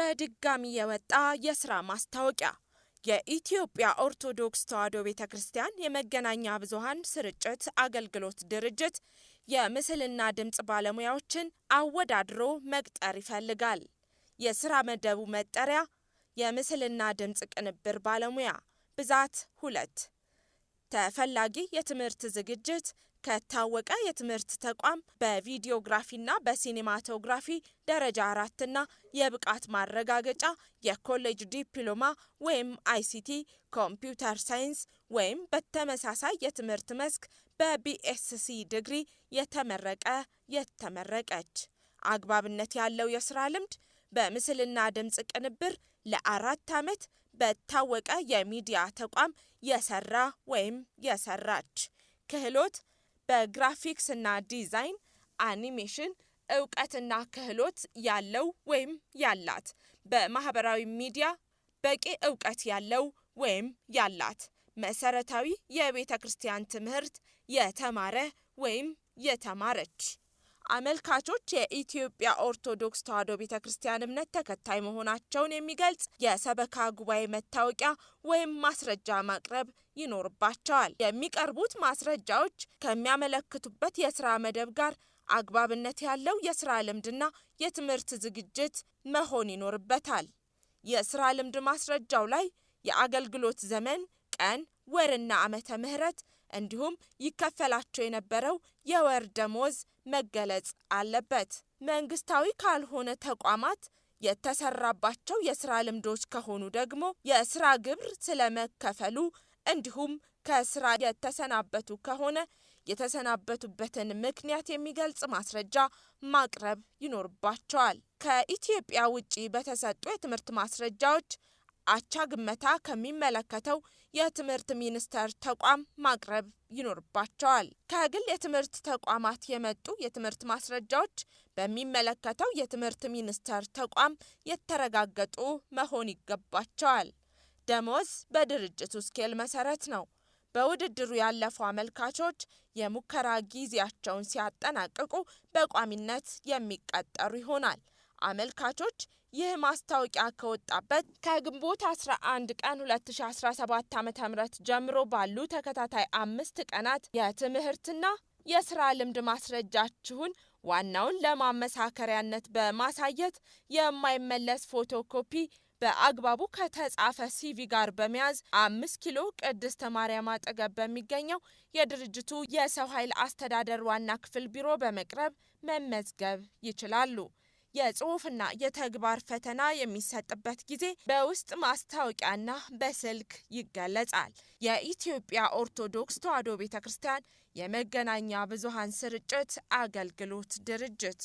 በድጋሚ የወጣ የስራ ማስታወቂያ የኢትዮጵያ ኦርቶዶክስ ተዋሕዶ ቤተ ክርስቲያን የመገናኛ ብዙኃን ስርጭት አገልግሎት ድርጅት የምስልና ድምፅ ባለሙያዎችን አወዳድሮ መቅጠር ይፈልጋል። የስራ መደቡ መጠሪያ የምስልና ድምፅ ቅንብር ባለሙያ፣ ብዛት ሁለት። ተፈላጊ የትምህርት ዝግጅት ከታወቀ የትምህርት ተቋም በቪዲዮግራፊና በሲኔማቶግራፊ ደረጃ አራትና የብቃት ማረጋገጫ የኮሌጅ ዲፕሎማ ወይም አይሲቲ፣ ኮምፒውተር ሳይንስ ወይም በተመሳሳይ የትምህርት መስክ በቢኤስሲ ድግሪ የተመረቀ የተመረቀች። አግባብነት ያለው የስራ ልምድ በምስልና ድምፅ ቅንብር ለአራት ዓመት በታወቀ የሚዲያ ተቋም የሰራ ወይም የሰራች ክህሎት በግራፊክስ እና ዲዛይን አኒሜሽን እውቀትና ክህሎት ያለው ወይም ያላት፣ በማህበራዊ ሚዲያ በቂ እውቀት ያለው ወይም ያላት፣ መሰረታዊ የቤተ ክርስቲያን ትምህርት የተማረ ወይም የተማረች አመልካቾች የኢትዮጵያ ኦርቶዶክስ ተዋሕዶ ቤተ ክርስቲያን እምነት ተከታይ መሆናቸውን የሚገልጽ የሰበካ ጉባኤ መታወቂያ ወይም ማስረጃ ማቅረብ ይኖርባቸዋል። የሚቀርቡት ማስረጃዎች ከሚያመለክቱበት የስራ መደብ ጋር አግባብነት ያለው የስራ ልምድና የትምህርት ዝግጅት መሆን ይኖርበታል። የስራ ልምድ ማስረጃው ላይ የአገልግሎት ዘመን፣ ቀን፣ ወርና ዓመተ ምሕረት እንዲሁም ይከፈላቸው የነበረው የወር ደሞዝ መገለጽ አለበት። መንግስታዊ ካልሆነ ተቋማት የተሰራባቸው የስራ ልምዶች ከሆኑ ደግሞ የስራ ግብር ስለመከፈሉ እንዲሁም ከስራ የተሰናበቱ ከሆነ የተሰናበቱበትን ምክንያት የሚገልጽ ማስረጃ ማቅረብ ይኖርባቸዋል። ከኢትዮጵያ ውጪ በተሰጡ የትምህርት ማስረጃዎች አቻ ግመታ ከሚመለከተው የትምህርት ሚኒስቴር ተቋም ማቅረብ ይኖርባቸዋል። ከግል የትምህርት ተቋማት የመጡ የትምህርት ማስረጃዎች በሚመለከተው የትምህርት ሚኒስቴር ተቋም የተረጋገጡ መሆን ይገባቸዋል። ደሞዝ በድርጅቱ ስኬል መሰረት ነው። በውድድሩ ያለፉ አመልካቾች የሙከራ ጊዜያቸውን ሲያጠናቅቁ በቋሚነት የሚቀጠሩ ይሆናል። አመልካቾች ይህ ማስታወቂያ ከወጣበት ከግንቦት 11 ቀን 2017 ዓ ም ጀምሮ ባሉ ተከታታይ አምስት ቀናት የትምህርትና የስራ ልምድ ማስረጃችሁን ዋናውን ለማመሳከሪያነት በማሳየት የማይመለስ ፎቶኮፒ በአግባቡ ከተጻፈ ሲቪ ጋር በመያዝ አምስት ኪሎ ቅድስተ ማርያም አጠገብ በሚገኘው የድርጅቱ የሰው ኃይል አስተዳደር ዋና ክፍል ቢሮ በመቅረብ መመዝገብ ይችላሉ። የጽሁፍና የተግባር ፈተና የሚሰጥበት ጊዜ በውስጥ ማስታወቂያና በስልክ ይገለጻል። የኢትዮጵያ ኦርቶዶክስ ተዋሕዶ ቤተ ክርስቲያን የመገናኛ ብዙኃን ስርጭት አገልግሎት ድርጅት